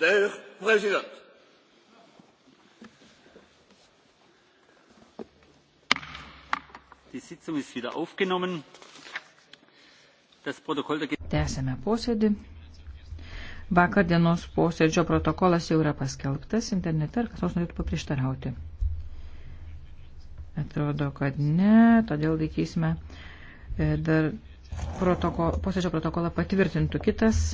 der Präsident. Die Sitzung ist wieder aufgenommen. Das Protokoll der Tęsėme posėdį. Vakar dienos posėdžio protokolas jau yra paskelbtas internete, ar kas nors norėtų paprieštarauti. Atrodo, kad ne, todėl laikysime e, dar protoko, posėdžio protokolą patvirtintų kitas